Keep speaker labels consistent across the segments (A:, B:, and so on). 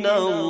A: من الله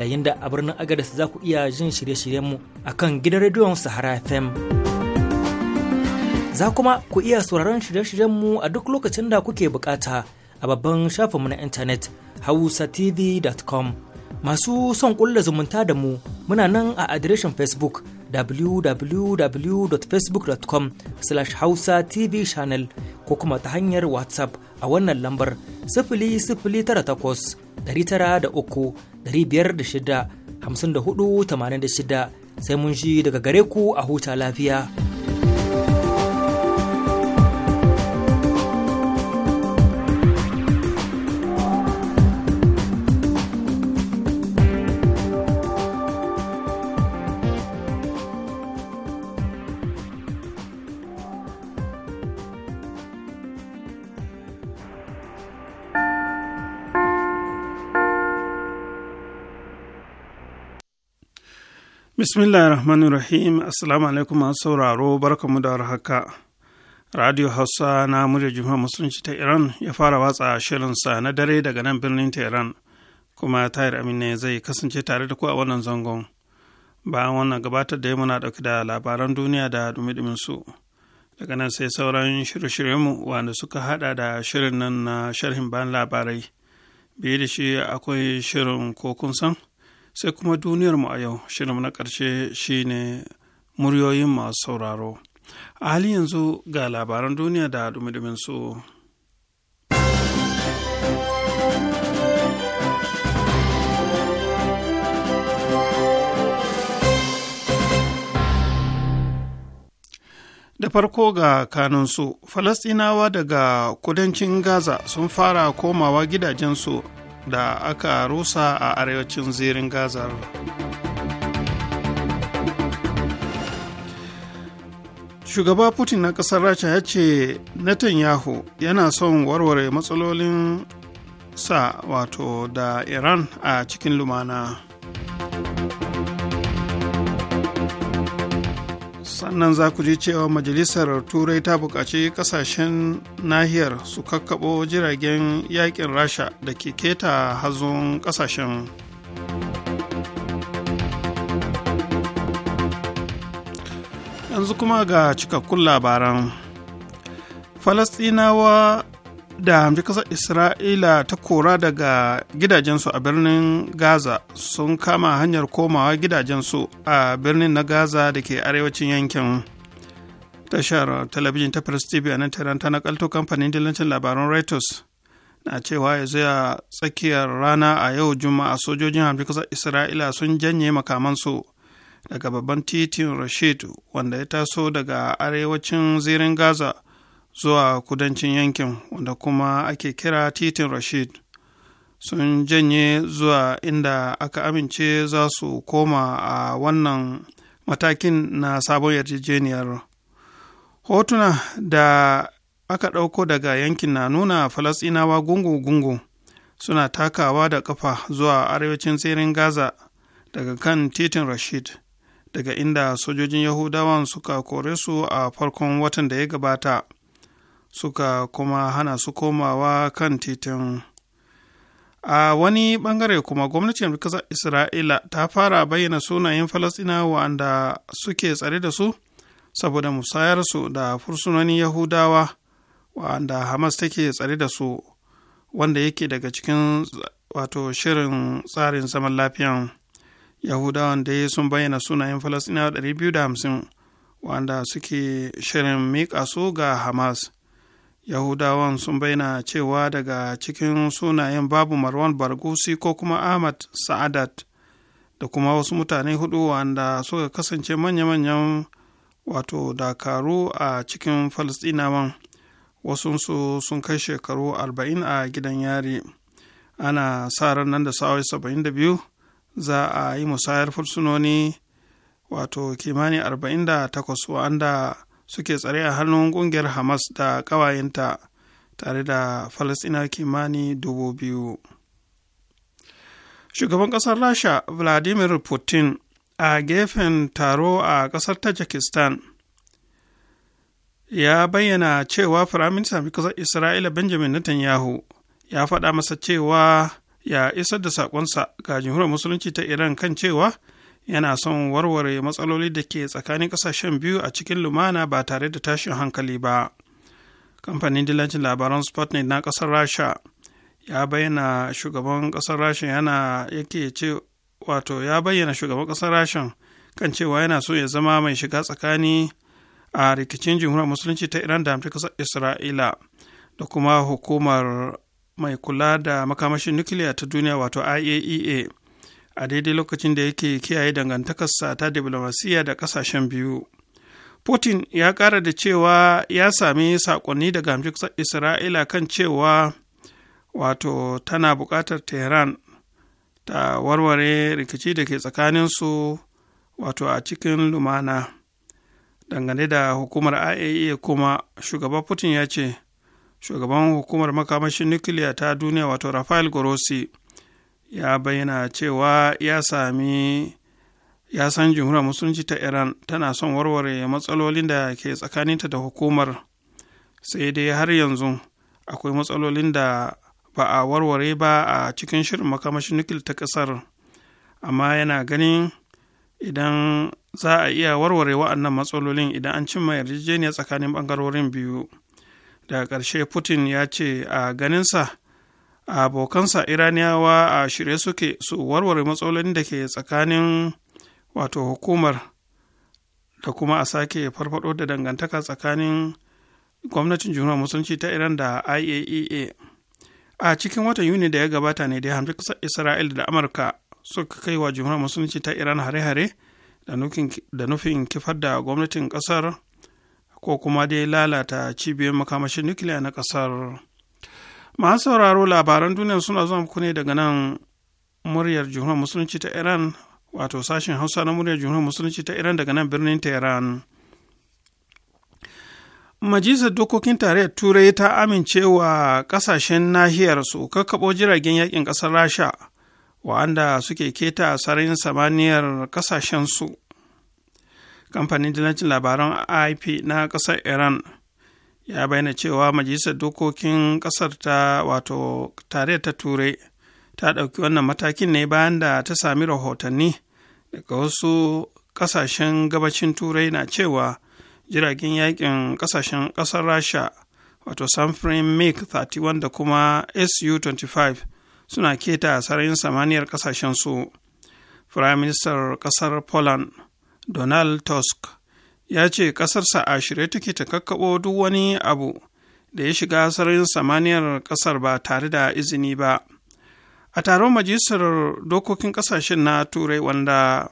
B: yayin da a birnin agadas za ku iya jin shirye-shiryenmu a kan gidan rediyon sahara fm za kuma ku iya sauraron shirye-shiryenmu a duk lokacin da kuke bukata a babban shafinmu na intanet hausatv.com masu son kulla zumunta da mu muna nan a adireshin facebook www.facebook.com slash hausa tv channel ko kuma ta hanyar whatsapp a wannan lambar da uku. da 86 sai mun shi daga gare ku a huta lafiya.
C: bismillah rahmanu rahim assalamu alaikum masu sauraro mu da haka radio hausa na murya juma musulunci ta iran ya fara watsa shirinsa na dare daga nan birnin tehran kuma tahir amina zai kasance tare da ku a wannan zangon bayan wannan gabatar da ya muna ɗauki da labaran duniya da dumi su daga nan sai sauran shirye-shiryenmu wanda suka haɗa da shirin nan na sharhin bayan labarai biye da shi akwai shirin ko kun san sai kuma duniyarmu a yau shirin na ƙarshe shine muryoyin masu sauraro a halin yanzu ga labaran duniya da dumi su. da farko ga kanunsu falastinawa daga kudancin gaza sun fara komawa gidajensu da aka rusa a arewacin zirin gaza shugaba putin na kasar rasha ya ce netanyahu yana son warware matsalolin sa wato da iran a cikin lumana sannan za ku ji cewa majalisar turai ta buƙaci ƙasashen nahiyar su kakkaɓo jiragen yakin rasha da ke keta hazon ƙasashen yanzu kuma ga cikakkun labaran falastinawa da hamji kasar isra'ila ta kora daga gidajensu a birnin gaza sun kama hanyar komawa gidajensu a birnin na gaza da ke arewacin yankin tashar talabijin ta press tv a nan tehran ta nakalto kamfanin dillancin labaran reuters na cewa ya zuya tsakiyar rana a yau juma'a sojojin hamji kasar isra'ila sun janye makamansu daga babban titin rashid wanda ya taso daga arewacin zirin gaza zuwa kudancin yankin wanda kuma ake kira titin rashid sun janye zuwa inda aka amince za su koma a wannan matakin na sabon yarjejeniyar hotuna da aka ɗauko daga yankin na nuna falasinawa gungu-gungu suna takawa da ƙafa zuwa arewacin tsirin gaza daga kan titin rashid daga inda sojojin yahudawan suka kore su a farkon watan da ya gabata suka kuma hana su komawa kan titin a wani bangare kuma gwamnatin kasar isra'ila ta fara bayyana sunayen falasɗinawa wanda suke tsare da su saboda musayar su da fursunonin yahudawa wanda hamas take tsare da su wanda yake daga cikin wato shirin tsarin zaman lafiyan yahudawan da sun bayyana sunayen da 250 wanda suke shirin miƙa su ga hamas yahudawan sun bayyana cewa daga cikin sunayen babu marwan bargusi ko kuma ahmad sa'adat da kuma wasu mutane hudu wanda suka kasance manya-manyan wato dakaru a cikin falastinawan wasunsu sun kai shekaru 40 a gidan yari ana sa ran nan da sa'o'i 72 za a yi musayar fursunoni wato kimani 48 wanda suke tsare a hannun kungiyar hamas da ƙawayenta tare da falasina kimani dubu biyu shugaban kasar rasha vladimir putin a gefen taro a ƙasar tajikistan ya bayyana cewa firaminista mai kasar isra'ila benjamin netanyahu ya faɗa masa cewa ya isar da saƙonsa ga jamhuriyar musulunci ta iran kan cewa yana son warware matsaloli da ke tsakanin ƙasashen biyu a cikin lumana ba tare da tashin hankali ba kamfanin dilancin labaran sputnik na kasar rasha ya bayyana shugaban ƙasar rasha yana yake ce wato ya bayyana shugaban ƙasar rasha kan cewa yana so ya zama mai shiga tsakani a rikicin jamhuriyar musulunci ta iran da hamtar kasar isra'ila da kuma hukumar mai kula da makamashin nukiliya ta duniya wato iaea e a daidai lokacin da yake kiyaye dangantakarsa ta diplomasiya da kasashen biyu putin ya kara da cewa ya sami saƙonni daga hamshin isra'ila kan cewa wato tana buƙatar tehran ta warware rikici da ke tsakaninsu wato a cikin lumana dangane da hukumar iaea e kuma shugaba putin ya ce shugaban hukumar makamashin nukiliya ta duniya wato rafael grossi ya bayyana cewa ya sami ya san jamhuriyar musulunci ta iran tana son warware matsalolin da ke tsakaninta da hukumar sai dai har yanzu akwai matsalolin da ba a warware ba a cikin shirin makamashin nukil ta ƙasar amma yana ganin idan za a iya warware wa'annan matsalolin idan an cimma yarjejeniya tsakanin bangarorin biyu daga ƙarshe putin ya ce a ganinsa abokansa iraniyawa a shirye suke su warware matsalolin da ke tsakanin wato hukumar da kuma a sake farfado da dangantaka tsakanin gwamnatin jumhuriyar musulunci ta iran da iaea e a cikin watan yuni da ya gabata ne da hamsin isra'il da amurka suka kai wa jumhuriyar musulunci ta iran hare-hare da nufin kifar da gwamnatin kasar ko kuma dai lalata cibiyar makamashin nukiliya na kasar. masu sauraro labaran duniya suna zuwa muku ne daga nan muryar jumhuriyar musulunci ta iran wato sashen hausa na muryar jumhuriyar musulunci ta iran daga nan birnin tehran majalisar dokokin tarayyar turai ta amince wa kasashen nahiyar su kakkaɓo jiragen yakin ƙasar rasha wa'anda suke keta sarayin samaniyar kasashen su kamfanin dillancin labaran ip na ƙasar iran ya bayyana cewa majalisar dokokin kasar ta wato tare ta turai ta ɗauki wannan matakin ne bayan da ta sami rahotanni daga wasu ƙasashen gabacin turai na cewa jiragen yakin ƙasashen ƙasar rasha wato samfurin mig 31 da kuma su-25 suna keta sarayin samaniyar ƙasashen su firaministar ƙasar poland donald tusk ya ce ƙasarsa a shirye take ta kakkaɓo duk wani abu da ya shiga sararin samaniyar ƙasar ba tare da izini ba a taron majisar dokokin ƙasashen na turai wanda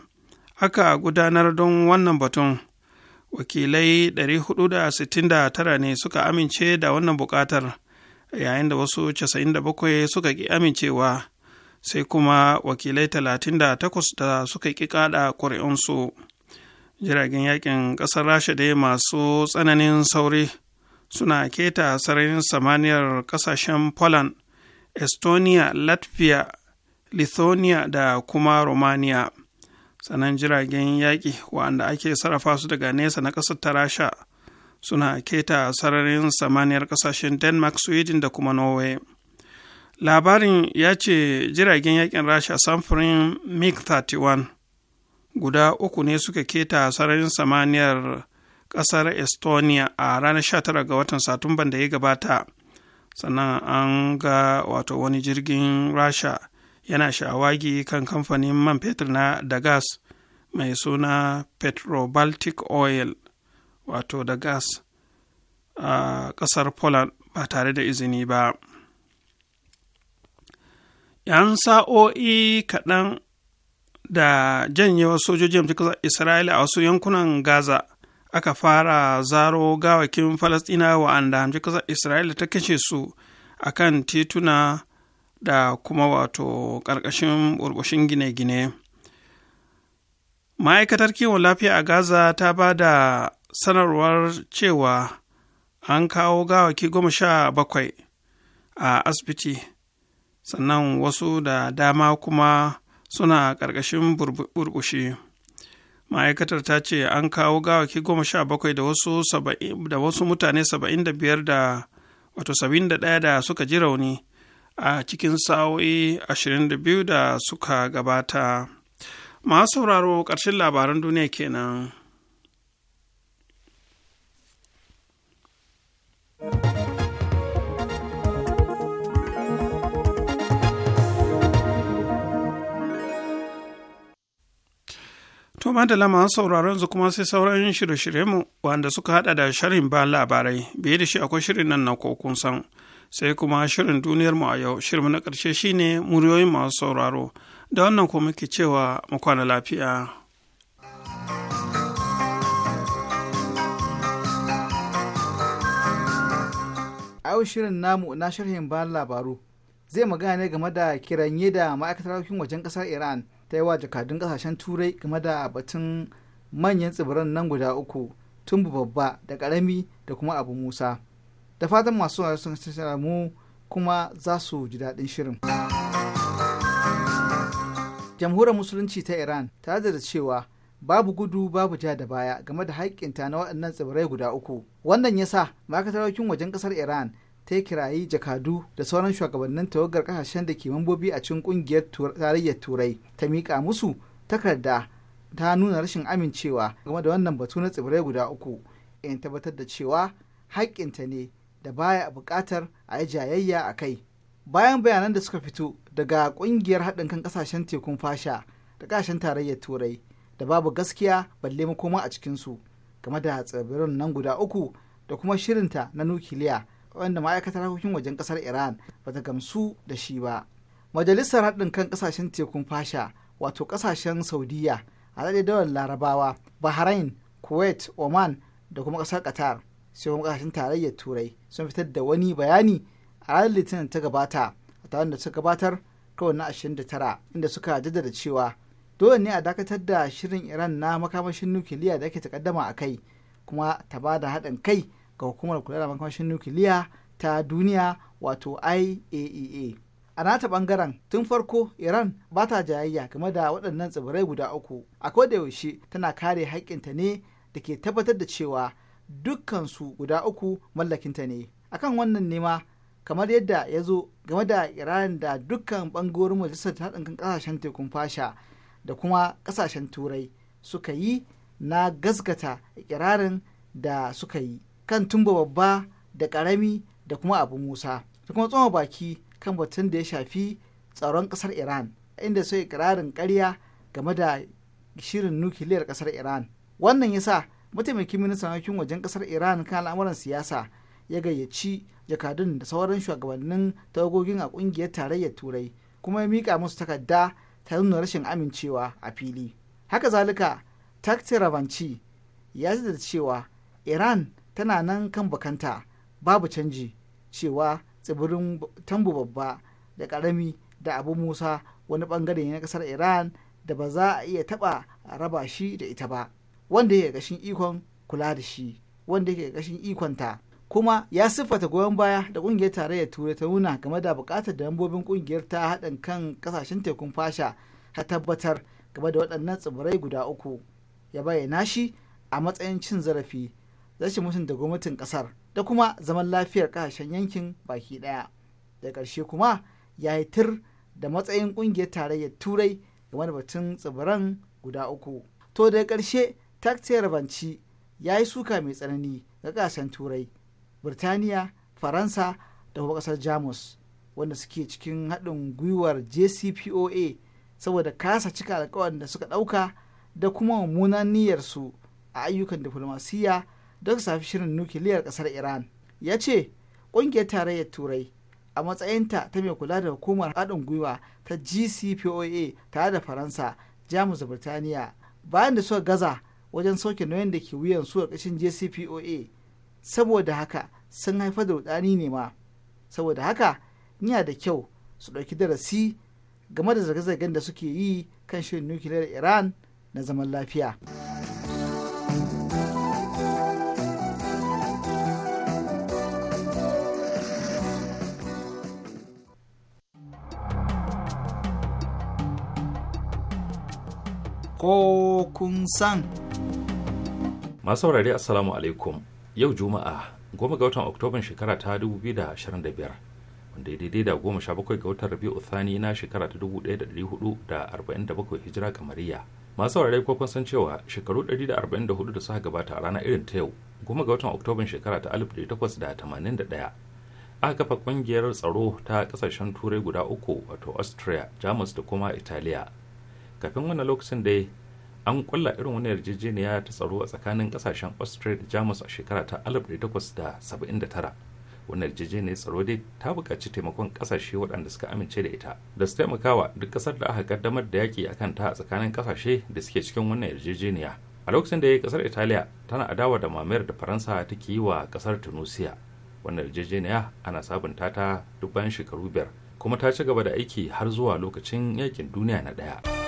C: aka gudanar don wannan batun wakilai 469 ne suka amince da wannan buƙatar yayin da wasu 97 suka ƙi amincewa sai kuma wakilai 38 da suka ƙi kada ƙuri'unsu. jiragen yakin ƙasar rasha dai masu tsananin sauri suna keta sararin samaniyar ƙasashen poland estonia latvia lithuania da kuma romania sannan jiragen yaƙi waɗanda ake sarrafa su daga nesa na ƙasar ta rasha suna keta sararin samaniyar ƙasashen denmark sweden da kuma norway labarin ya ce jiragen yaƙin rasha samfurin mig 31 guda uku ne suka keta sararin samaniyar ƙasar estonia a ranar 19 ga watan satumban da ya gabata sannan an ga wato wani jirgin rasha yana shawagi kan kamfanin man fetur na da gas mai suna petrobaltic oil wato da gas a ƙasar poland ba tare da izini ba 'yan sa'o'i kaɗan da janyewar sojojin kasar isra'ila a wasu yankunan gaza aka fara zaro gawakin falastina wa'anda hamji kasar isra'ila ta kashe su a kan tituna da kuma wato ƙarƙashin burbushin gine-gine ma'aikatar kiwon lafiya a gaza ta ba da sanarwar cewa an kawo gawaki goma sha bakwai a asibiti sannan wasu da dama kuma suna ƙarƙashin burbushi ma'aikatar ta ce an kawo gawaki goma sha bakwai da wasu mutane saba'in da biyar da wato saba'in da ɗaya da suka ji rauni a cikin sa'o'i ashirin da biyu da suka gabata masu sauraro ƙarshen labaran duniya kenan. To madalla masu sauraron yanzu kuma sai sauran shirye-shiryenmu wanda suka hada da shirin ba labarai biye da shi akwai shirin nan na kun san sai kuma shirin duniyar mu a yau shirin na ƙarshe shine muryoyin masu sauraro da wannan ko muke cewa mu lafiya.
D: A shirin namu na sharhin ba labaru zai magana ne game da kiranye da ma'aikatar harkokin wajen ƙasar Iran ta yi wa jakadun kasashen turai game da batun manyan tsibiran nan guda uku tun babba da karami da kuma abu musa da fatan masu sun samu kuma za su ji daɗin shirin jamhuriyar musulunci ta iran ta da cewa babu gudu babu ja da baya game da haƙƙinta na waɗannan tsibirai guda uku wannan ya sa ma'aikatar wajen ƙasar iran ta yi kirayi jakadu da sauran shugabannin tawagar kasashen da ke mambobi a cikin kungiyar tarayyar turai ta miƙa musu takarda ta nuna rashin amincewa game da wannan batu na tsibirai guda uku in tabbatar da cewa haƙƙinta ne da baya buƙatar a yi jayayya a kai bayan bayanan da suka fito daga ƙungiyar haɗin kan ƙasashen tekun fasha da ƙasashen tarayyar turai da babu gaskiya balle makoma a cikinsu game da tsibirin nan guda uku da kuma shirinta na nukiliya wanda ma'aikatar harkokin wajen kasar iran ba ta gamsu da shi ba majalisar haɗin kan ƙasashen tekun fasha wato ƙasashen saudiya a haɗaɗɗe dawar larabawa bahrain kuwait oman da kuma ƙasar qatar sai kuma ƙasashen tarayyar turai sun fitar da wani bayani a ranar litinin ta gabata a taron da suka gabatar kawai na ashirin da tara inda suka jaddada cewa dole ne a dakatar da shirin iran na makamashin nukiliya da ake takaddama a kai kuma ta ba da haɗin kai ga hukumar kula da makamashin nukiliya ta duniya wato IAEA. E A nata bangaren tun farko Iran ba ta jayayya game da waɗannan tsibirai guda uku. A yaushe tana kare haƙƙinta ne da ke tabbatar da cewa dukkansu guda uku mallakinta ne. Akan wannan nema kamar yadda ya zo game da Iran da dukkan bangarorin majalisar haɗin kan ƙasashen tekun fasha da kuma ƙasashen turai suka yi na gaskata ikirarin da suka yi. kan tumba babba da karami da kuma abu musa da kuma tsoma baki kan batun da ya shafi tsaron ƙasar iran inda sai ikirarin karya game da shirin nukiliyar ƙasar iran wannan ya yasa mataimakin ministan harkokin wajen ƙasar iran kan al'amuran siyasa ya gayyaci jakadun da sauran shugabannin tawagogin a ƙungiyar tarayyar turai kuma ya miƙa musu takarda ta nuna rashin amincewa a fili haka zalika takti ravanci ya da cewa iran tana nan kan bakanta babu canji cewa tsibirin tambu babba da karami da abu musa wani bangare na ƙasar iran da ba za a iya taɓa raba shi da ita ba wanda yake gashin ikon kula da shi wanda yake gashin ikonta kuma ya siffata goyon baya da ƙungiyar tarayyar turai ta nuna game da bukatar da lambobin ƙungiyar ta haɗin kan ƙasashen tekun fasha ta tabbatar game da waɗannan tsibirai guda uku ya bayyana shi a matsayin cin zarafi rashin mutunta gwamnatin kasar da kuma zaman lafiyar kasashen yankin baki daya da ƙarshe kuma ya yi tir da matsayin ƙungiyar tarayyar turai game da batun tsibiran guda uku to da ƙarshe taktiyar banci ya yi suka mai tsanani ga ƙasashen turai birtaniya faransa da kuma ƙasar jamus wanda suke cikin haɗin gwiwar jcpoa saboda kasa cika alkawarin da suka ɗauka da kuma mummunan niyyarsu a ayyukan diflomasiyya don safi shirin nukiliyar kasar iran ya ce ƙungiyar tarayyar turai a matsayinta ta mai kula da hukumar haɗin gwiwa ta gcpoa tare da faransa jamus da birtaniya bayan da suka gaza wajen sauke nauyin da ke wuyan su a ƙashin gcpoa saboda haka sun haifar da rudani ne ma saboda haka yana da kyau su ɗauki darasi game da zarge-zargen da suke yi kan shirin nukiliyar iran na zaman lafiya. ko kun san.
E: Masu saurari Assalamu alaikum yau Juma'a goma ga watan Oktoban shekara ta 2025 wanda daidai da goma sha bakwai ga watan Rabi'u Thani na shekara ta 1447 hijira kamariya. Masu saurare ko kun san cewa shekaru 144 da suka gabata a rana irin ta yau goma ga watan Oktoban shekara ta 1881 aka kafa kungiyar tsaro ta kasashen turai guda uku wato austria jamus da kuma italiya kafin wannan lokacin da an kulla irin wani yarjejeniya ta tsaro a tsakanin kasashen austria da jamus a shekara ta 1879 wannan yarjejeniyar tsaro dai ta bukaci taimakon kasashe waɗanda suka amince da ita da su taimakawa duk ƙasar da aka kaddamar da yaƙi a kanta a tsakanin kasashe da suke cikin wannan yarjejeniya a lokacin da ya kasar italiya tana adawa da mamayar da faransa take yi wa kasar tunisia wannan yarjejeniya ana sabunta ta duk bayan shekaru biyar kuma ta ci gaba da aiki har zuwa lokacin yakin duniya na ɗaya.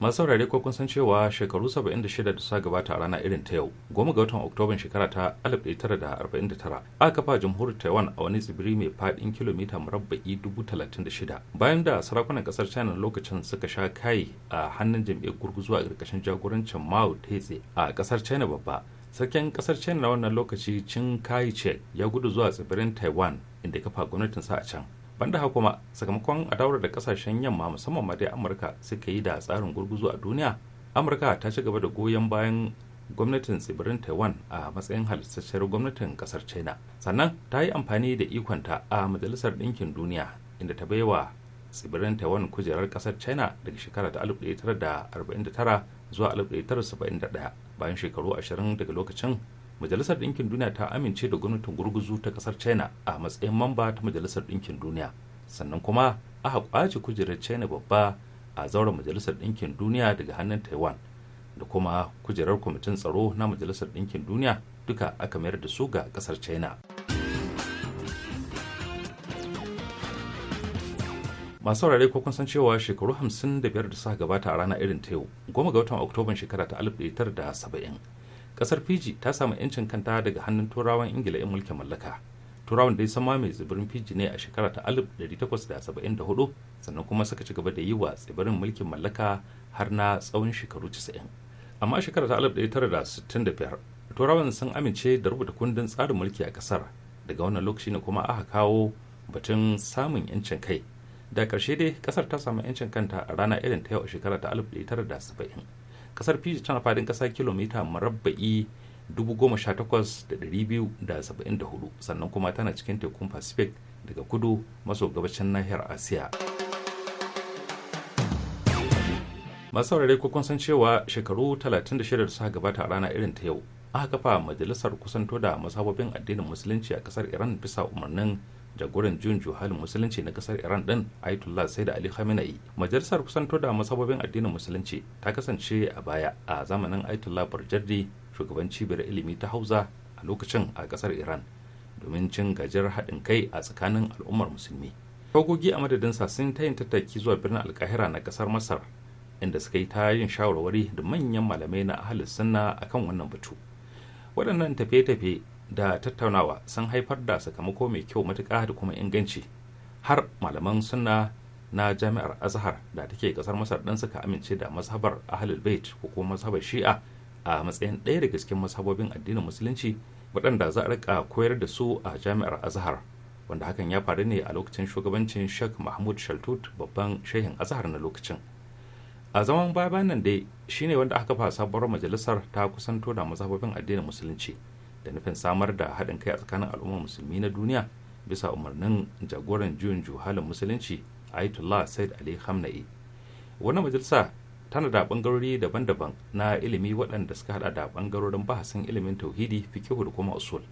E: masu saurare ko kun san cewa shekaru 76 da sa gabata a rana irin ta yau goma ga watan oktoban shekara ta 1949 aka kafa jamhuriyar taiwan a wani tsibiri mai fadin kilomita murabba'i 36 bayan da sarakunan kasar china lokacin suka sha kai a hannun jam'iyyar gurguzu a karkashin jagorancin mao tse a kasar china babba sarkin kasar china na wannan lokaci cin kai ya gudu zuwa tsibirin taiwan inda kafa sa a can banda haka kuma sakamakon adawar da kasashen yamma musamman ma dai amurka suka yi da tsarin gurguzu a duniya amurka ta ci gaba da goyon bayan gwamnatin tsibirin taiwan a matsayin halittacciyar gwamnatin kasar china sannan ta yi amfani da ikonta a majalisar ɗinkin duniya inda ta baiwa tsibirin taiwan kujerar kasar china daga shekara ta 1949 zuwa 1971 bayan shekaru 20 daga lokacin majalisar ɗinkin duniya ta amince da gwamnatin gurguzu ta kasar china a matsayin mamba ta majalisar ɗinkin duniya sannan kuma aka kwace kujerar china babba a zauren majalisar ɗinkin duniya daga hannun taiwan da kuma kujerar kwamitin tsaro na majalisar ɗinkin duniya duka aka mayar da su ga kasar china masu saurare ko kun san cewa shekaru 55 da suka gabata a rana irin ta yau goma ga watan oktoban shekara ta 1970 kasar fiji ta samu 'yancin kanta daga hannun turawan ingila 'yan mulkin mallaka turawan dai sama mai tsibirin fiji ne a shekara ta 1874 sannan kuma suka ci gaba da yi wa tsibirin mulkin mallaka har na tsawon shekaru 90 amma a shekara ta 1965 turawan sun amince da rubuta kundin tsarin mulki a kasar daga wannan lokaci ne kuma aka kawo batun samun 'yancin kai da ƙarshe dai kasar ta samu 'yancin kanta a rana irin ta yau a shekara ta 1970 kasar fiji tana fadin kasa kilomita marabba'i 18,274 sannan kuma tana cikin tekun pacific daga kudu maso gabashin nahiyar asiya masu saurare ko cewa shekaru 36 da suka gabata a rana irin ta yau aka kafa majalisar kusanto da masababin addinin musulunci a kasar iran bisa umarnin jagoran juyin halin musulunci na kasar iran din ayatollah sai da ali khamenei majalisar kusanto da masababin addinin musulunci ta kasance a baya a zamanin ayatollah burjardi shugaban cibiyar ilimi ta hauza a lokacin a kasar iran domin cin gajiyar haɗin kai a tsakanin al'ummar musulmi togogi a madadinsa sun ta yin tattaki zuwa birnin alkahira na kasar masar inda suka yi ta yin shawarwari da manyan malamai na ahalin sunna akan wannan batu waɗannan tafiye-tafiye da tattaunawa sun haifar da sakamako mai kyau matuƙa da kuma inganci har malaman sunna na jami'ar azhar da take kasar masar ɗin suka amince da mazhabar ahlul bait ko kuma mazhabar shi'a a matsayin ɗaya daga cikin mazhabobin addinin musulunci waɗanda za a rika koyar da su a jami'ar azhar wanda hakan ya faru ne a lokacin shugabancin sheikh mahmud shaltut babban shehin azhar na lokacin a zaman baya nan dai shine wanda aka fa sabuwar majalisar ta kusanto da mazhabobin addinin musulunci da nufin samar da haɗin kai a tsakanin al'ummar musulmi na duniya bisa umarnin jagoran juyin juhalin musulunci ayatollah said ali hamna'i wannan majalisa tana da bangarori daban-daban na ilimi waɗanda suka hada da bangarorin bahasin ilimin tauhidi fikihu da kuma usul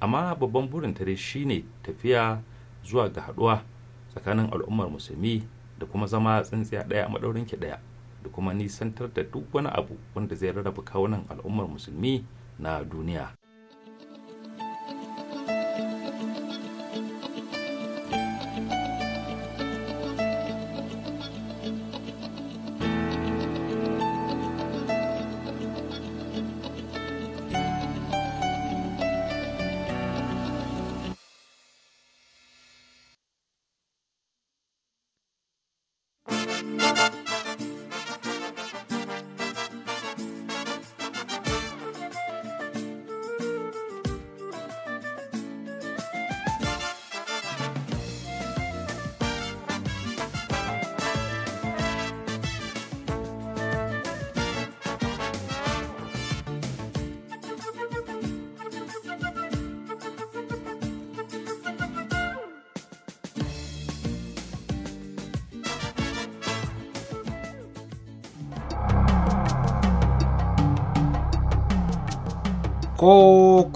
E: amma babban burin ta dai shine tafiya zuwa ga haɗuwa tsakanin al'ummar musulmi da kuma zama tsintsiya ɗaya a maɗaurin ki ɗaya da kuma nisantar da duk wani abu wanda zai rarraba kawunan al'ummar musulmi na duniya.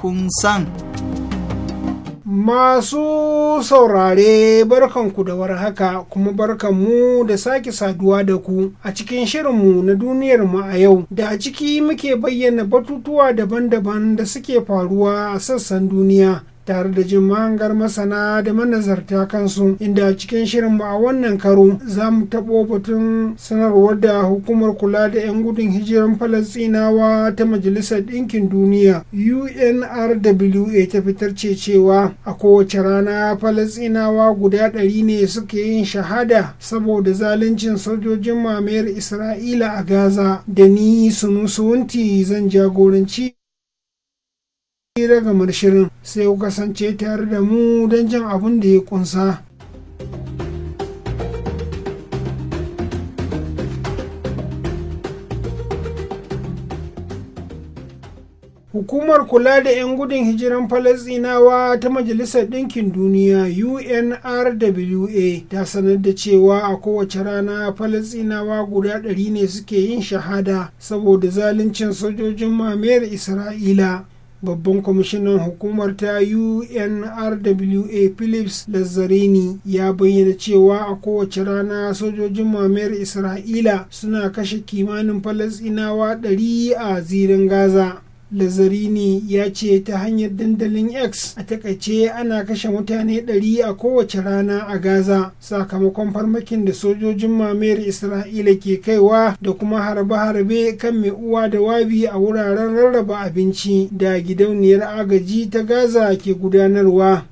F: kun san. Masu saurare barkanku da warhaka kuma barkanmu da sake saduwa da ku a cikin shirinmu na duniyarmu a yau da a ciki muke bayyana batutuwa daban-daban da suke faruwa a sassan duniya tare da jin mahangar masana da manazarta kansu inda cikin shirinmu a wannan karo za mu taɓo batun sanarwar da hukumar kula da 'yan gudun hijiran falastinawa ta majalisar ɗinkin duniya unrwa ta fitar ce cewa a kowace rana falastinawa guda ɗari ne suke yin shahada saboda zaluncin sojojin mamayar isra'ila a gaza da ni sunusuwunti zan jagoranci ga shirin sai ku kasance tare da mu don jin abin da ya kunsa. Hukumar kula da 'yan gudun hijiran Falasɗinawa ta Majalisar Ɗinkin Duniya UNRWA ta sanar da cewa a kowace rana falastinawa guda ɗari ne suke yin shahada saboda zaluncin sojojin mamayar Isra'ila. babban kwamishinan hukumar ta unrwa philips lazzarini ya bayyana cewa a kowace rana sojojin mamayar isra'ila suna kashe kimanin falasinawa 100 a zirin gaza Lazarini ya ce ta hanyar dandalin X a takaice ana kashe mutane 100 a kowace rana a Gaza sakamakon farmakin da sojojin mamayar Isra'ila ke kaiwa da kuma harbe-harbe kan mai uwa da wabi a wuraren rarraba abinci da gidauniyar agaji ta Gaza ke gudanarwa.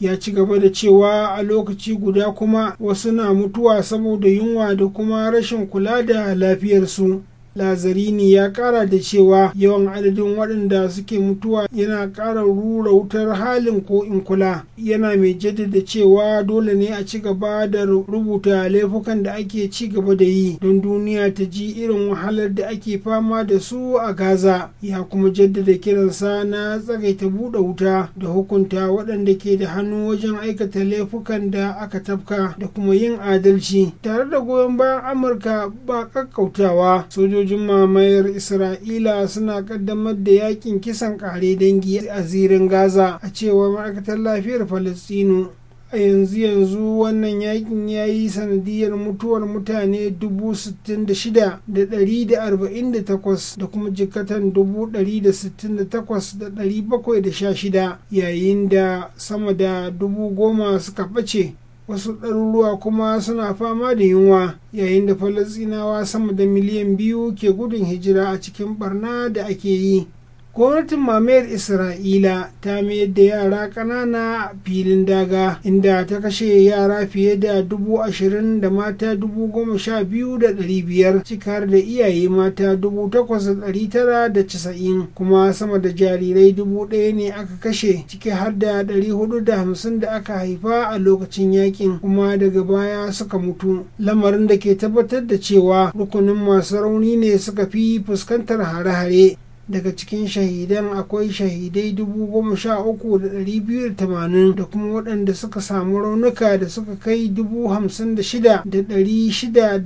F: ya ci gaba da cewa a lokaci guda kuma wasu na mutuwa saboda yunwa da kuma rashin kula da lafiyarsu. lazarini ya kara da cewa yawan adadin waɗanda suke mutuwa yana ƙara rura wutar halin ko in kula yana mai jaddada cewa dole ne a ci gaba da rubuta laifukan da ake ci gaba da yi don duniya ta ji irin wahalar da ake fama da su a gaza ya kuma jaddada kiransa na tsagaita buɗe wuta da hukunta waɗanda ke da hannu wajen aikata laifukan da aka tafka da kuma yin adalci tare da goyon bayan amurka ba ƙaƙƙautawa sojoji sojojin mamayar isra'ila suna kaddamar da yakin kisan kare dangi a zirin gaza a cewar ma'aikatar lafiyar falastinu a yanzu yanzu wannan yakin ya yi sanadiyar mutuwar mutane 66,148 da kuma jikatan 668,716 yayin da sama da 10,000 suka ɓace wasu ɗaruruwa kuma suna fama da yunwa yayin da falasinawa sama da miliyan biyu ke gudun hijira a cikin barna da ake yi gwamnatin mamayar isra'ila ta mayar da yara ƙanana a filin daga inda ta kashe yara fiye da dubu ashirin da mata dubu goma sha biyu da ɗari biyar cikar da iyaye mata dubu takwas da ɗari tara da casa'in kuma sama da jarirai dubu ɗaya ne aka kashe ciki har da ɗari hudu da hamsin da aka haifa a lokacin yakin kuma daga baya suka mutu lamarin da ke tabbatar da cewa rukunin masu rauni ne suka fi fuskantar hare-hare daga cikin shahidan akwai shahidai 13,280 da kuma waɗanda suka samu raunuka da suka kai 56,675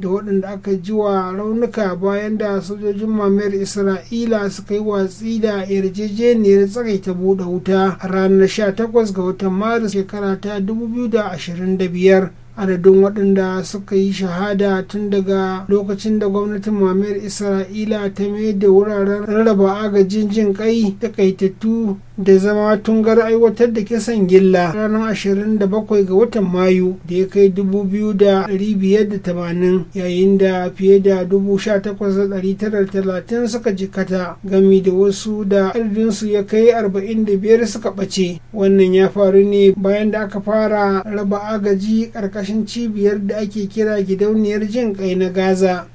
F: da waɗanda aka ji wa raunuka bayan da sojojin mamayar isra'ila suka yi watsi da yarjejeniyar tsagaita buɗe wuta ranar 18 ga watan maris shekara ta 2025 adadin waɗanda suka yi shahada tun daga lokacin da gwamnatin mamayar isra'ila ta mai da wuraren rarraba agajin jin kai takaitattu da zama tungar aiwatar da kisan gilla ranar 27 ga watan mayu da ya kai 2,580 yayin da fiye da 18,930 suka jikata gami da wasu da adadinsu ya kai 45 suka ɓace wannan ya faru ne bayan da aka fara raba agaji ƙarƙashin cibiyar da ake kira gidauniyar jin ƙai na gaza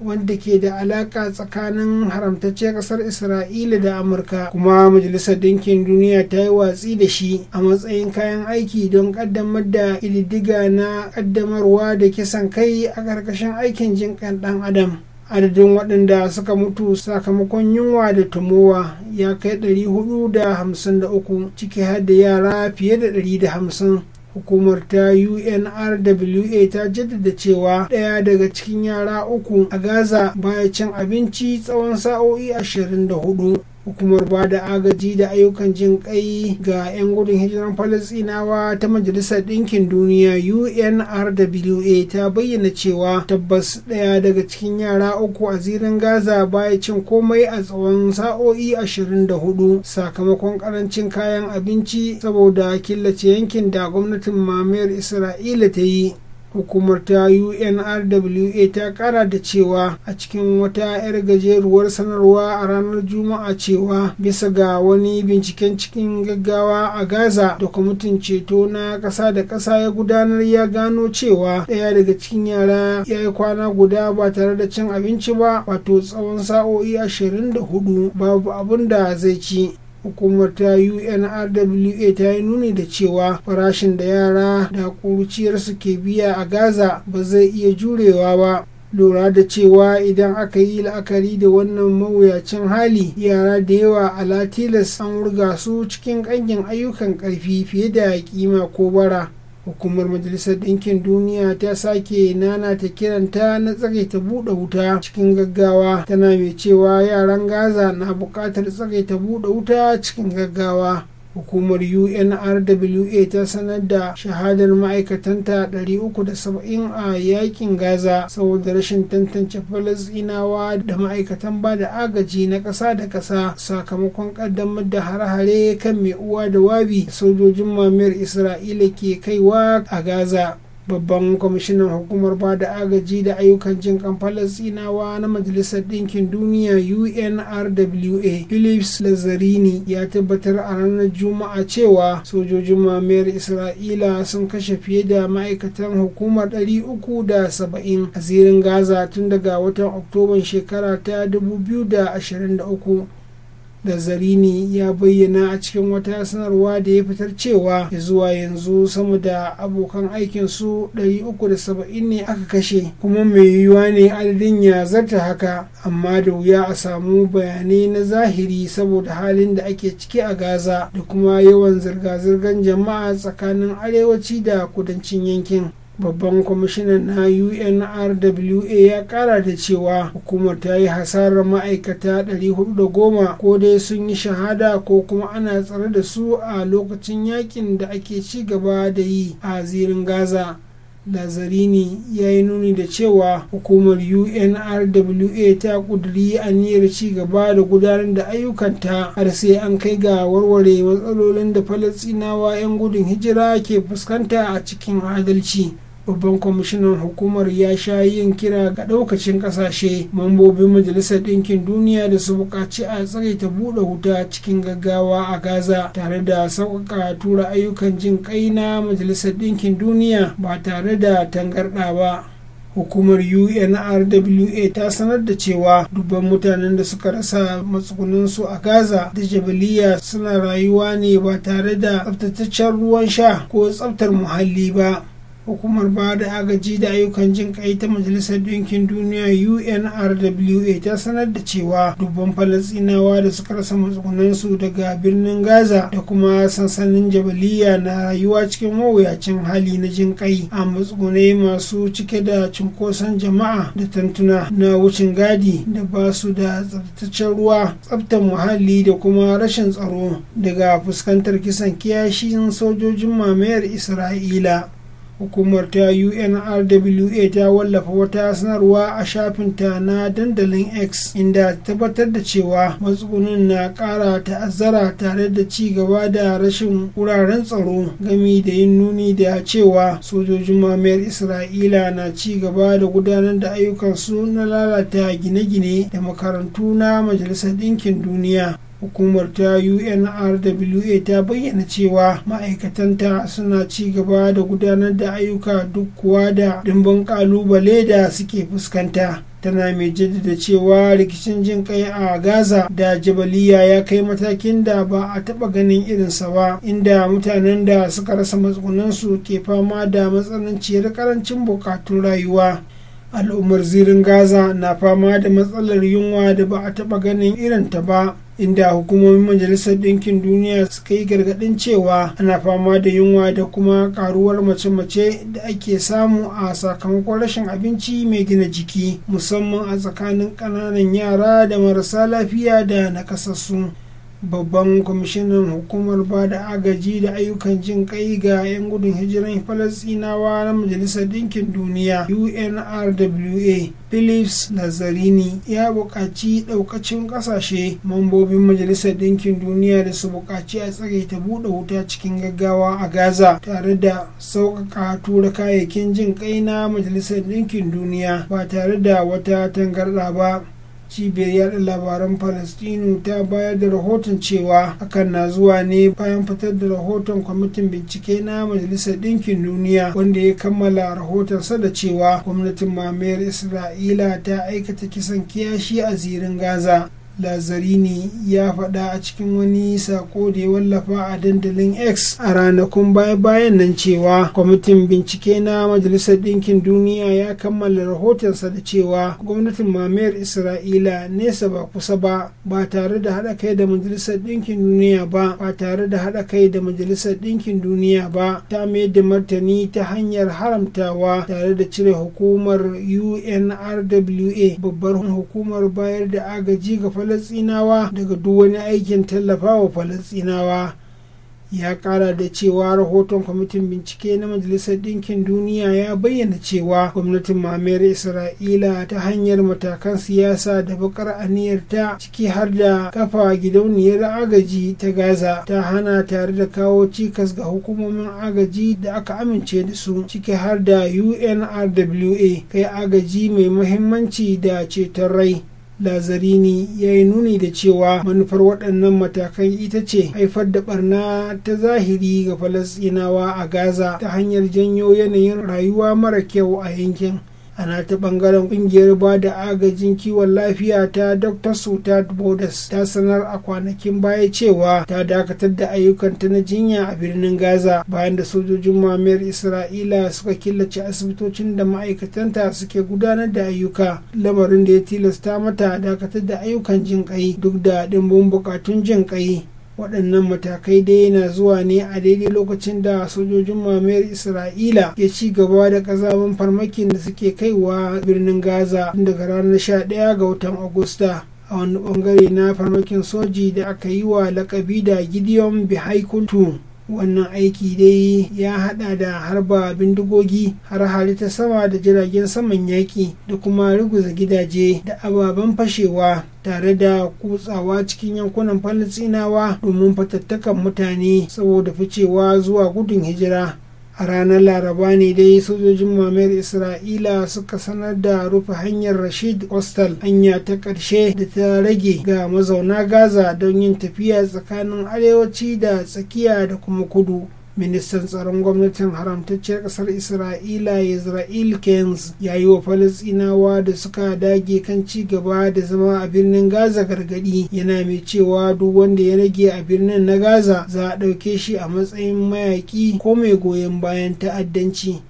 F: wanda ke da alaka tsakanin haramtacciyar ƙasar isra'ila da amurka kuma majalisar ɗinkin duniya ta yi watsi da shi a matsayin kayan aiki don ƙaddamar da ƙididdiga na ƙaddamarwa da kisan kai a ƙarƙashin aikin jinƙan ɗan adam adadin waɗanda suka mutu sakamakon yunwa da tumowa ya kai 453 ciki har da yara fiye da 150 hukumar ta unrwa ta jaddada cewa ɗaya daga cikin yara uku a gaza baya cin abinci tsawon sa'o'i 24 hukumar ba da agaji da ayyukan jin kai ga 'yan gudun hijiran falasinawa ta majalisar ɗinkin duniya unrwa ta bayyana cewa tabbas ɗaya daga cikin yara uku a zirin gaza baya cin komai a tsawon sa'o'i 24 sakamakon karancin kayan abinci saboda killace yankin da gwamnatin mamayar isra'ila ta yi hukumar ta unrwa ta kara da cewa a cikin wata 'yar gajeruwar sanarwa a ranar juma'a cewa bisa ga wani binciken cikin gaggawa a gaza da kwamitin ceto na ƙasa da ƙasa ya gudanar ya gano cewa ɗaya daga cikin yara ya yi kwana guda ba tare da cin abinci ba wato tsawon sa'o'i 24 babu abin da zai ci hukumar ta unrwa ta yi nuni da cewa farashin da yara da ƙuruciyarsu ke biya a gaza ba zai iya jurewa ba lura da cewa idan aka yi la'akari da wannan mawuyacin hali yara da yawa a latilas an wurga su cikin ƙangin ayyukan ƙarfi fiye da kima ko bara hukumar majalisar ɗinkin duniya ta sake nana ta kiranta na ta buɗe wuta cikin gaggawa tana mai cewa yaran gaza na buƙatar ta buɗe wuta cikin gaggawa hukumar unrwa ta sanar da shahadar ma'aikatanta 370 a yakin gaza saboda rashin tantance falasinawa da ma'aikatan ba da agaji na ƙasa da ƙasa sakamakon ƙaddamar da hare-hare kan mai uwa da wabi sojojin mamayar isra'ila ke kaiwa a gaza babban kwamishinan hukumar ba da agaji da ayyukan jin kan na majalisar ɗinkin duniya unrwa philips lazarini ya tabbatar a ranar juma'a cewa sojojin mamayar isra'ila sun kashe fiye da ma'aikatan hukumar 370 a zirin gaza tun daga watan oktoban shekara ta 2023 da zarini ya bayyana a cikin wata sanarwa da ya fitar cewa zuwa yanzu sama da abokan aikin aikinsu 370 ne aka kashe kuma mai yiwuwa ne adadin ya zarta haka amma da wuya a samu bayanai na zahiri saboda halin da ake ciki a gaza da kuma yawan zirga-zirgar jama'a tsakanin arewaci da kudancin yankin babban kwamishinan na unrwa ya kara da cewa hukumar ta yi hasarar ma'aikata 410 ko dai sun yi shahada ko kuma ana tsare da su a lokacin yakin da ake ci gaba da yi a zirin gaza lazarini ya yi nuni da cewa hukumar unrwa ta kuduri aniyar ci gaba da gudanar da ayyukanta har sai an kai ga warware matsalolin da falasinawa 'yan gudun hijira ke fuskanta a cikin adalci babban kwamishinan hukumar ya sha yin kira ga daukacin kasashe mambobin majalisar ɗinkin duniya da su buƙaci a tsare ta buɗe wuta cikin gaggawa a gaza tare da sauƙaƙa tura ayyukan jin kai na majalisar ɗinkin duniya ba tare da tangarɗa ba hukumar unrwa ta sanar da cewa dubban mutanen da suka rasa matsugunansu a gaza da jabaliya suna rayuwa ne ba tare da tsabtataccen ruwan sha ko tsabtar muhalli ba hukumar ba da agaji da ayyukan jin kai ta majalisar Dinkin duniya unrwa ta sanar da cewa dubban falasinawa da suka rasa matsugunansu daga birnin gaza da kuma sansanin jabaliya na rayuwa cikin mawuyacin hali na jin kai a matsugunai masu cike da cunkoson jama'a da tantuna na wucin gadi da ba su da tsabtaccen ruwa tsaftar muhalli da kuma rashin tsaro daga fuskantar kisan kiyashin sojojin mamayar isra'ila hukumar ta unrwa ta wallafa wata sanarwa a shafinta na dandalin x inda a tabbatar da cewa matsugunin na kara ta'azzara tare da ci gaba da rashin wuraren tsaro gami da yin nuni da cewa sojojin mamayar isra'ila na ci gaba da gudanar da ayyukansu na lalata gine-gine da makarantu na majalisar ɗinkin duniya hukumar ta unrwa ta bayyana cewa ma'aikatanta suna ci gaba da gudanar da ayyuka duk kuwa da dimbin kalubale da suke fuskanta tana mai jaddada cewa rikicin jin kai a gaza da jabaliya ya kai matakin da ba a taba ganin irinsa ba inda mutanen da suka rasa matsugunansu ke fama da matsananciyar karancin bukatun rayuwa al'ummar zirin gaza na fama da matsalar yunwa da ba a taba ganin irinta ba inda hukumomin majalisar ɗinkin duniya suka yi gargaɗin cewa ana fama da yunwa da kuma karuwar mace-mace da ake samu a sakamakon rashin abinci mai gina jiki musamman a tsakanin ƙananan yara da marasa lafiya da nakasassu babban kwamishinan hukumar ba da agaji da ayyukan jin kai ga 'yan gudun hijiran falasinawa na majalisar Dinkin duniya unrwa philips nazarini ya buƙaci ɗaukacin ƙasashe mambobin majalisar Dinkin duniya da su buƙaci a tsare ta buɗe wuta cikin gaggawa a gaza tare da sauƙaƙa tura kayayyakin jin kai na majalisar Dinkin duniya ba tare da wata tangarɗa ba cibiyar labaran palestino ta bayar da rahoton cewa hakan na zuwa ne bayan fitar da rahoton kwamitin bincike na majalisar ɗinkin duniya wanda ya kammala rahotonsa da cewa gwamnatin mamayar isra'ila ta aikata kisan kiyashi a zirin gaza lazarini ya faɗa a cikin wani sako da ya wallafa a dandalin x a ranakun baya-bayan nan cewa kwamitin bincike na majalisar ɗinkin duniya ya kammala rahotonsa da cewa gwamnatin mamayar isra'ila nesa ba kusa ba ba tare da haɗa kai da majalisar ɗinkin duniya ba ba tare da haɗa kai da majalisar ɗinkin duniya ba ta mayar da martani ta hanyar haramtawa tare da cire hukumar unrwa babbar hukumar bayar da agaji ga falasinawa daga duk wani aikin tallafawa falasinawa ya kara da cewa rahoton kwamitin bincike na majalisar ɗinkin duniya ya bayyana cewa gwamnatin mamayar isra'ila ta hanyar matakan siyasa da bakar aniyarta ciki har da kafa gidauniyar agaji ta gaza ta hana tare da kawo cikas ga hukumomin agaji da aka amince da su ciki har da unrwa kai agaji mai muhimmanci da ceton rai lazarini ya yi nuni da cewa manufar waɗannan matakan ita ce haifar da barna ta zahiri ga falasɗinawa a gaza ta hanyar janyo yanayin rayuwa mara kyau a yankin Ana ta bangaren kungiyar ba da agajin kiwon lafiya ta dr sutat bodas ta sanar a kwanakin baya cewa ta dakatar da ayyukanta na jinya a birnin gaza bayan da sojojin mamayar isra'ila suka killace asibitocin da ma'aikatanta suke gudanar da ayyuka lamarin da ya tilasta mata dakatar da ayyukan jin duk da dimbin bukatun jin waɗannan matakai dai na zuwa ne a daidai lokacin da sojojin mamayar isra'ila ke ci gaba da ƙazamin farmakin da suke kaiwa birnin gaza daga ranar sha ɗaya ga watan agusta a wani ɓangare na farmakin soji da aka yi wa lakabi da gideon bihaikuntu wannan aiki dai ya hada da harba bindigogi har halitta sama da jiragen saman yaƙi da kuma ruguza gidaje da ababen fashewa tare da kutsawa cikin yankunan falasinawa domin fatattakan mutane saboda ficewa zuwa gudun hijira a ranar laraba ne dai sojojin mamayar isra'ila suka sanar da rufe hanyar rashid hostel hanya ta ƙarshe da ta rage ga mazauna gaza don yin tafiya tsakanin arewaci da tsakiya da kuma kudu ministan tsaron gwamnatin haramtacciyar kasar isra'ila israel kenz ya yi wa falasinawa da suka dage kan ci gaba da zama a birnin gaza gargadi yana mai cewa duk wanda ya rage a birnin na gaza za a ɗauke shi a matsayin mayaƙi ko mai goyon bayan ta'addanci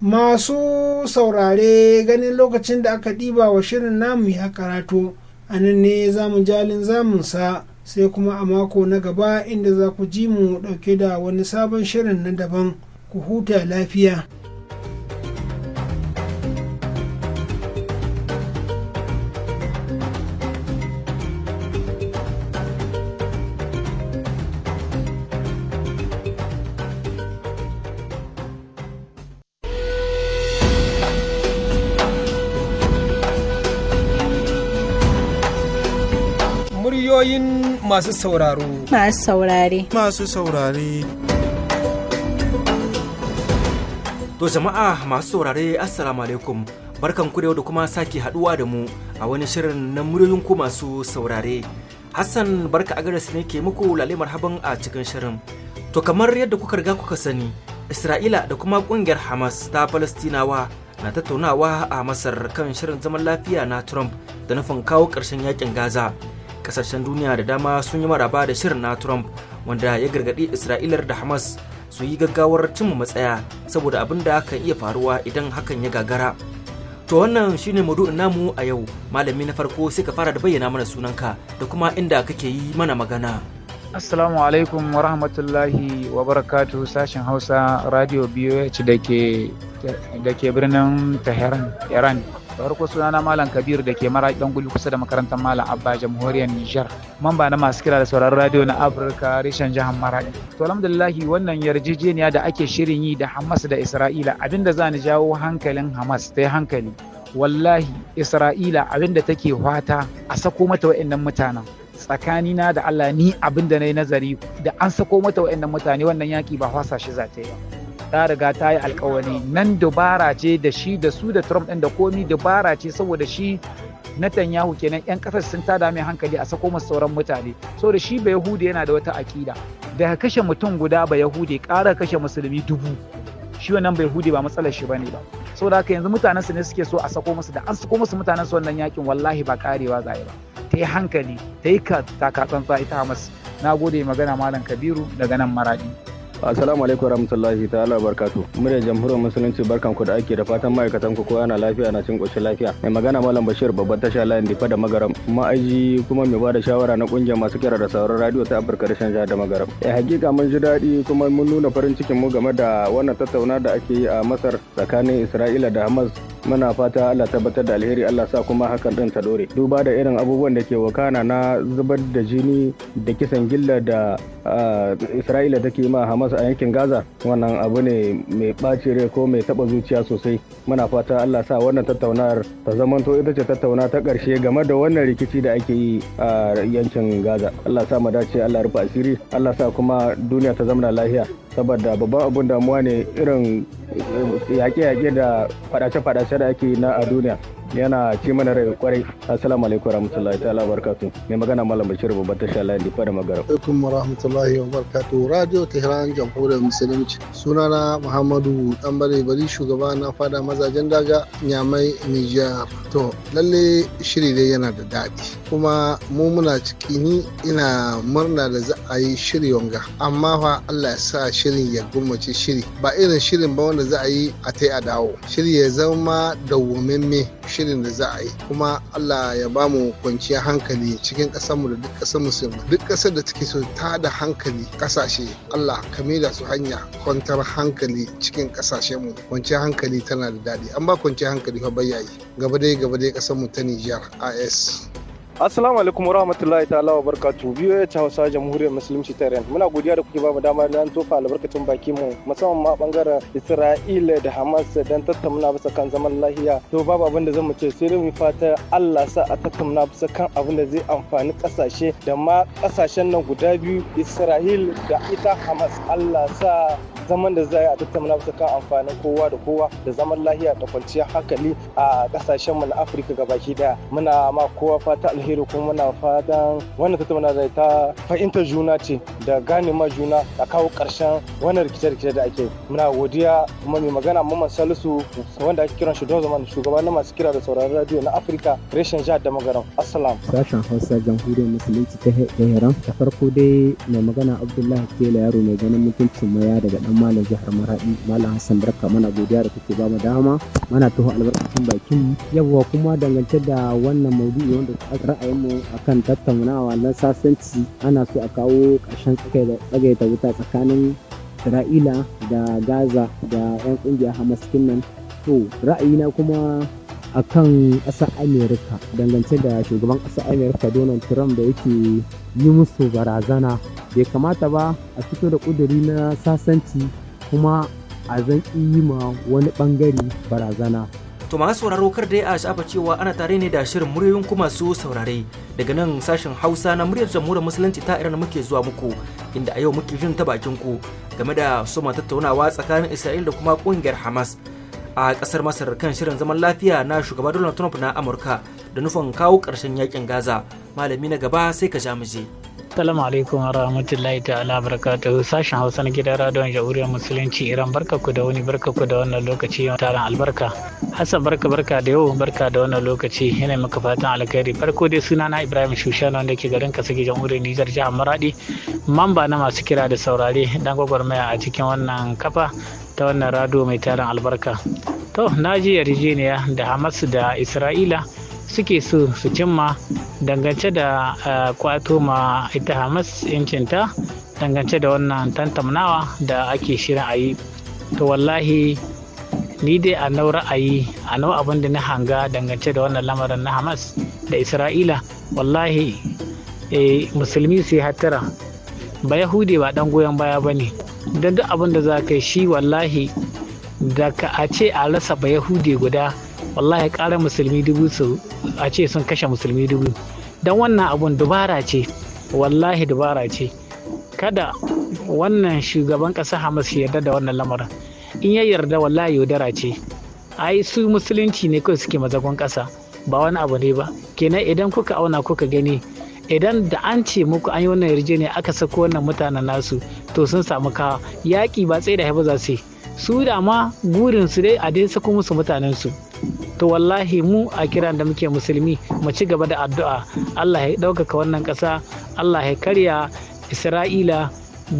F: masu Ko saurare ganin lokacin da aka ɗiba wa shirin namu ya karatu a nan ne zamu jalin zamunsa sai kuma a mako na gaba inda za ku ji mu ɗauke da wani sabon shirin na daban ku huta lafiya. masu sauraro.
G: Masu saurare.
B: Masu saurare. To jama'a masu saurare assalamu alaikum barkan ku da kuma sake haduwa da mu a wani shirin na muryoyin ku masu saurare. Hassan barka agaris ne ke muku lalle marhaban a cikin shirin. To kamar yadda kuka riga kuka sani, Isra'ila da kuma kungiyar Hamas ta Falastinawa na tattaunawa a Masar kan shirin zaman lafiya na Trump da nufin kawo ƙarshen yakin Gaza. kasashen duniya da dama sun yi maraba da shirin na trump wanda ya gargaɗi isra'ilar da hamas su yi gaggawar cin matsaya saboda abin da kan iya faruwa idan hakan ya gagara to wannan shine maudu'in namu a yau malami na farko sai ka fara da bayyana mana sunanka da kuma inda kake yi mana magana Assalamu alaikum
H: wa rahmatullahi wa barakatu sashen Hausa Radio BOH da ke birnin Tehran, Iran. da farko sunana malam kabir da ke mara dan gulu kusa da makarantar malam abba jamhuriyar nijar mamba na masu kira da sauraron radio na afirka reshen jihar maradi to alhamdulillahi wannan yarjejeniya da ake shirin yi da hamas da isra'ila abinda za ni jawo hankalin hamas ta hankali wallahi isra'ila abinda take fata a sako mata wa'annan mutanen Tsakani na da allah ni abinda na yi nazari da an sako mata wa'annan mutane wannan yaki ba hwasa shi za ta yi ta riga ta yi alkawari nan dubara ce da shi da su da Trump ɗin da komi dubara ce saboda shi Netanyahu kenan 'yan kasar sun tada mai hankali a sako masu sauran mutane saboda shi ba Yahudi yana da wata akida daga kashe mutum guda ba Yahudi ƙara kashe musulmi dubu shi wannan bai hude ba matsalar shi bane ba saboda haka yanzu mutanen su ne suke so a sako masu da an sako musu mutanen su wannan yakin wallahi ba karewa zai ba ta yi hankali ta yi ka tsantsa ita hamas na gode magana malam kabiru daga nan maradi
I: Assalamu alaikum warahmatullahi ta'ala barkatu. Mure jamhuriyar musulunci barkan ku da ake da fatan ma'aikatan ku kowa na lafiya na cin koshin lafiya. Mai magana Malam Bashir babban tasha layin difa da magaram ma'aji kuma mai bada shawara na kungiyar masu kira da sauran radio ta Afirka da Shanja da magaram. Eh hakika mun ji daɗi kuma mun nuna farin cikin mu game da wannan tattauna da ake yi a Masar tsakanin Isra'ila da Hamas muna fata Allah tabbatar da alheri Allah sa kuma hakan din ta dore duba da irin abubuwan da ke wakana na zubar da jini da kisan gilla da isra'ila take ma hamas a yankin gaza wannan abu ne mai ɓaci rai ko mai taɓa zuciya sosai muna fata allah sa wannan tattaunawar ta zamanto ita ce tattauna ta ƙarshe game da wannan rikici da ake yi a yankin gaza allah sa mu dace allah rufe asiri allah sa kuma duniya ta zamana lahiya saboda babban abun damuwa ne irin yaƙe yake da faɗace-faɗace da ake na a duniya yana ci mana rai kwarai assalamu alaikum warahmatullahi ta'ala barkatu mai magana malam bashir babban tasha layin difa da magara alaikum warahmatullahi
J: wabarakatuh radio tehran jamhuriyar musulunci sunana muhammadu tambare bari shugaba na fada mazajen daga nyamai niger to lalle shiri dai yana da daɗi kuma mu muna ciki ni ina murna da za a yi shiri wanga amma fa allah ya sa shirin ya shiri ba irin shirin ba da za a yi a ta a dawo shiri ya zama dawwamamme shirin da za a yi kuma allah ya ba mu kwanciyar hankali cikin ƙasarmu da duk ƙasar musulmi duk ƙasar da take so ta da hankali ƙasashe allah ka da su hanya kwantar hankali cikin mu kwanciyar hankali tana da daɗi an ba kwanciyar hankali fa bayyayi gaba dai gaba dai ƙasarmu ta nijar AS.
I: Assalamu alaikum wa rahmatullahi ta'ala wa barkatu biyo ya Hausa Jamhuriyar Musulunci ta Iran. Muna godiya da kuke ba mu dama da tofa albarkacin baki mu musamman ma bangaren Isra'ila da Hamas dan tattauna bisa kan zaman lahiya. To babu abin da zamu ce sai dai mu fata Allah sa a tattauna bisa kan abin da zai amfani kasashe da ma kasashen nan guda biyu Isra'il da ita Hamas. Allah sa zaman da zai a tattauna bisa kan amfanin kowa da kowa da zaman lahiya da kwanciyar hankali a kasashen mu na Afirka gabaki daya. Muna ma kowa fata alheri alheri kuma muna fatan wannan tattauna da ta fahimtar juna ce da gane ma juna a kawo ƙarshen wannan rikice-rikice da ake muna godiya kuma mai magana man salisu wanda ake kiran shi don zaman shugaban na masu kira da sauraron radio na afirka reshen jihar da magaram
G: assalam
B: sashen hausa jamhuriyar musulunci ta heran ta farko dai mai magana abdullahi tela yaro mai ganin mutuncin maya daga dan malam jihar maradi malam hassan barka mana godiya da kuke ba mu dama mana taho albarkacin bakin yawwa kuma dangance da wannan maudu'i wanda ra'ayinmu kan tattaunawa na sasanci ana so a kawo ƙarshen tsagaita wuta tsakanin isra'ila da gaza da 'yan ƙungiyar hamas nan to ra'ayina kuma a kan ƙasar amerika dangance da shugaban ƙasar amerika donald trump da yake yi musu barazana bai kamata ba a fito da ƙuduri na sasanci kuma a zan yi ma wani ɓangare barazana To masu sauraro kar dai a shafa cewa ana tare ne da shirin muryoyin ku masu saurare daga nan sashen Hausa na muryar jamhuriyar musulunci ta Iran muke zuwa muku inda a yau muke jin ta bakin ku game da soma tattaunawa tsakanin Isra'il da kuma kungiyar Hamas. A kasar Masar kan shirin zaman lafiya na shugaba Donald Trump na Amurka da nufin kawo karshen yakin Gaza. Malami na gaba sai ka ja mu Salamu alaikum
K: wa rahmatullahi ta'ala barakatuhu sashen Hausa na gidan radon jamhuriyar musulunci Iran barka ku da wani barka ku da wannan lokaci yau taron albarka. Hassan barka barka da yau barka da wannan lokaci yana maka fatan alkhairi farko dai suna na Ibrahim Shushana wanda ke garin Kasige jamhuriyar Nijar jihar Maradi mamba na masu kira da saurare dan gwagwarmaya a cikin wannan kafa ta wannan rado mai taron albarka. To na ji yarjejeniya da Hamas da Isra'ila suke so su cimma dangance da eh, kwato ma ita hamas yancinta dangance da wannan tantamnawa da ake shirin a yi to wallahi ni dai a nau ra'ayi a nau abin da na hanga dangance da wannan lamarin na hamas da isra'ila wallahi eh, musulmi su yi hatara ba yahude ba dan goyon baya ba ne don duk abin da za ka yi shi wallahi da ka a ce a rasa ba yahude guda wallahi ƙara musulmi dubu su a ce sun kashe musulmi dubu don wannan abun dubara ce wallahi dubara ce kada wannan shugaban ƙasa hamas shi yarda da wannan lamarin in ya yarda wallahi yaudara ce ai su musulunci ne kawai suke mazagon ƙasa ba wani abu ne ba kenan idan kuka auna kuka gani idan da an ce muku an yi wannan yarjejeniya aka sako wannan mutanen nasu to sun samu kawa yaƙi ba tsaye da haifar za su su da ma gurin su dai a dai sako musu mutanensu. to wallahi mu a kiran da muke musulmi mu ci gaba da addu'a Allah ya ɗaukaka wannan ƙasa Allah ya karya Isra'ila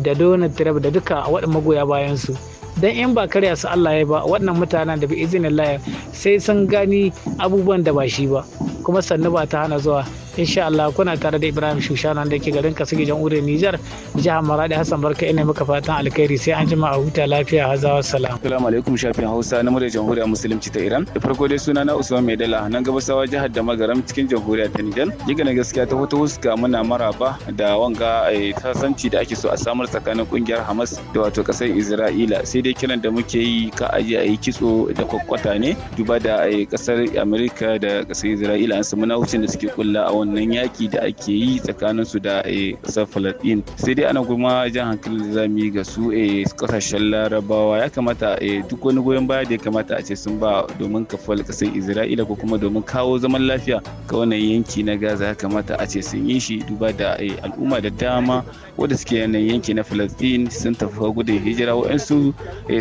K: da Donald Trump da duka waɗanda magoya bayan su dan in ba karya su Allah ya ba waɗannan mutanen da bi izinin Allah sai sun gani abubuwan da ba shi ba kuma sannu ba ta hana zuwa insha Allah kuna tare da Ibrahim Shushana da yake garin Kasige ure Nijar jihar Maradi Hassan Barka ina maka fatan alkhairi sai an jima a huta lafiya hazawa salam
L: assalamu alaikum shafin Hausa na muryar jamhuriyar musulunci ta Iran da farko dai suna na Usman Maidala nan gabasawa jihar da magaram cikin jamhuriyar ta Niger. diga na gaskiya ta hoto huska muna maraba da wanga tasanci eh, da ake so a samar tsakanin kungiyar Hamas da wato kasar Isra'ila sai dai kiran da muke yi ka aje a yi kitso da kwakwata ne duba da eh, kasar Amerika da kasar Isra'ila an samu na da suke kulla a wannan yaki da ake yi tsakanin su da eh, kasar Falasɗin. Sai dai ana kuma jan hankali da za mu yi ga su eh, kasashen Larabawa ya kamata eh, duk wani goyon baya da ya kamata a ce sun ba domin kafal kasar Isra'ila ko kuma domin kawo zaman lafiya ga wannan yanki na Gaza ya kamata a ce sun yi shi duba da al'umma da dama wanda suke yanayin yanki na Falasɗin sun tafi gudun hijira wa'ansu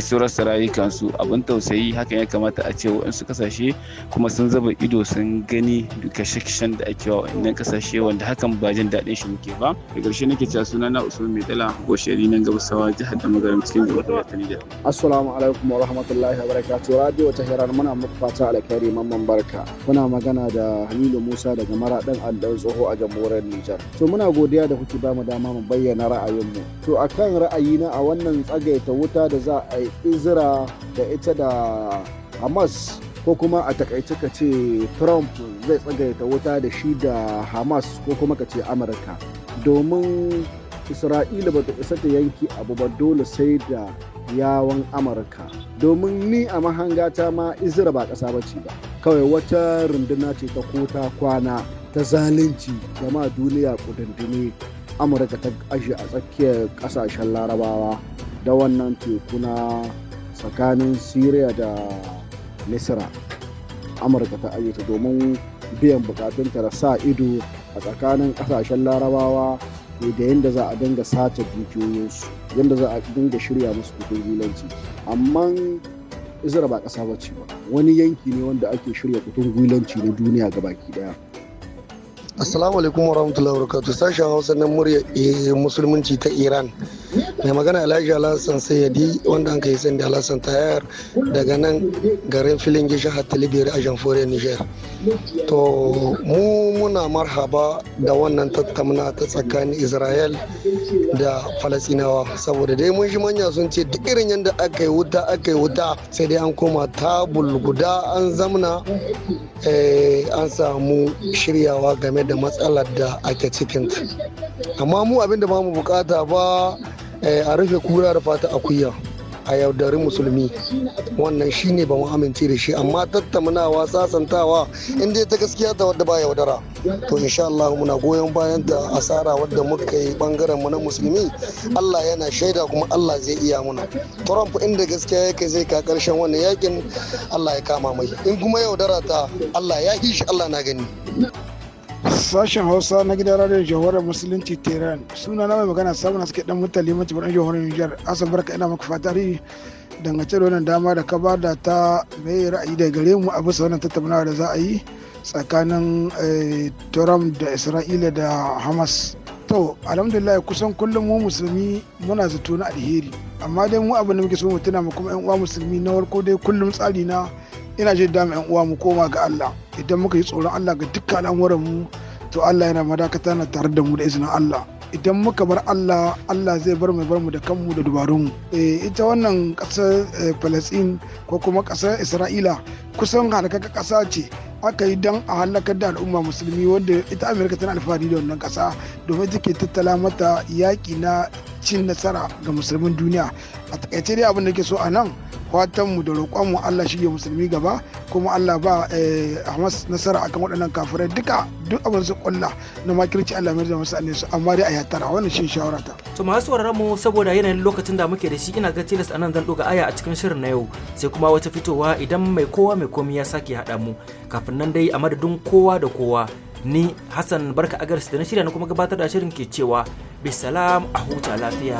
L: su rasa rayukansu abin tausayi hakan ya kamata a ce wa'ansu kasashe kuma sun zaba ido sun gani duka kashen da ake wa waɗannan kasashe wanda hakan ba jin daɗin shi muke ba da ƙarshe nake cewa suna na usman mai tsala goshari nan gabasawa jihar da magaram cikin da ta nijar
G: assalamu alaikum wa rahmatullahi wa barakatuh radio ta hirar muna muku fata alkhairi mamman barka kuna magana da hamilu musa daga maraɗin allon tsoho a jamhuriyar nijar to muna godiya da kuke ba mu dama mu bayyana mu. to akan na a wannan tsagaita wuta da za a yi izira da ita da hamas ko kuma a takaice ka ce trump zai tsagaita wuta da shi da hamas ko kuma ka ce amurka domin isra'ila ba ta isa ta yanki abu ba dole sai da yawon amurka domin ni a mahangata ma izira ba ƙasa ba ce ba kawai wata runduna ce ta kota kwana ta zalunci jama'a duniya kudindini amurka ta ashe a tsakiyar ƙasashen larabawa da wannan teku na tsakanin syria da misira amurka ta ayyuta domin biyan bukatunta da sa ido a tsakanin kasashen larabawa da yadda za a dinga sace dukiyoyinsu yadda za a dinga shirya musu kudin gulanci amma izra ba kasa ba ce ba wani yanki ne wanda ake shirya kudin gulanci na duniya ga baki daya
J: assalamu alaikum warahmatullahi wabarakatuh sashen hausa na murya eh, musulunci ta iran mai magana alhaji alhassan sayyadi wanda an kai sani da alhassan tayar daga nan garin filin gishin hatalibiyar a jamforiyar niger to mu muna marhaba da wannan tattamna ta tsakanin israel da falasinawa saboda dai mun shi manya sun ce duk irin yadda aka yi wuta aka yi wuta sai dai an koma tabul guda an zamna eh, an samu shiryawa game da matsalar da ake cikinta amma mu abinda ba mu bukata ba Eh, a rufe kura da fata akuya a yaudari musulmi wannan shine ba mu amince da shi amma tattaunawa sasantawa inda dai ta gaskiya ta wadda ba yaudara to insha Allah muna goyon bayan da asara wadda muka yi bangaren mu na musulmi Allah yana shaida kuma Allah zai iya muna Trump inda gaskiya yake zai ka karshen wannan yakin Allah ya kama mai in kuma yaudara ta Allah ya shi Allah na gani
M: Sashen Hausa na gidan radio Jawarar Musulunci Tehran. Suna na mai magana samun suke dan mutane mace baɗan Jawarar Nijar. Asan barka ina maka fatari dangance da wannan dama da ka ba da ta mai ra'ayi da gare mu a bisa wannan tattaunawa da za a yi tsakanin eh, Trump da Isra'ila da Hamas. To, alhamdulillah kusan kullum mu musulmi muna zato na alheri. Amma dai mu abin da muke so mu tuna mu kuma 'yan uwa musulmi na warko dai kullum tsari na ina jin dami yan uwa mu koma ga Allah idan muka yi tsoron Allah ga dukkan al'amuran mu to Allah yana madakata na tare da mu da izinin Allah idan muka bar Allah Allah zai bar mu bar mu da kanmu da dubarun mu eh, ita wannan ƙasar eh, Palestine ko kuma ƙasar Isra'ila kusan halakaka kasa ce aka yi dan a halakar da al'umma musulmi wanda ita amurka tana alfahari da wannan kasa domin take tattala mata yaƙi na cin nasara ga musulmin duniya a takaice dai abin da ke so a nan fatanmu da roƙonmu Allah shi ya musulmi gaba kuma Allah ba eh, Hamas nasara akan waɗannan kafirai duka duk abin su ƙulla na makirci Allah mai zama sa'ani su amma dai a yatara wannan shi shawara ta.
B: To masu mu saboda yanayin lokacin da muke da shi ina ga tilas anan zan ɗoga aya a cikin shirin na yau sai kuma wata fitowa idan mai kowa mai komi ya sake haɗa mu kafin nan dai a madadin kowa da kowa ni Hassan Barka Agarsu da na shirya na kuma gabatar da shirin ke cewa bisalam a huta lafiya.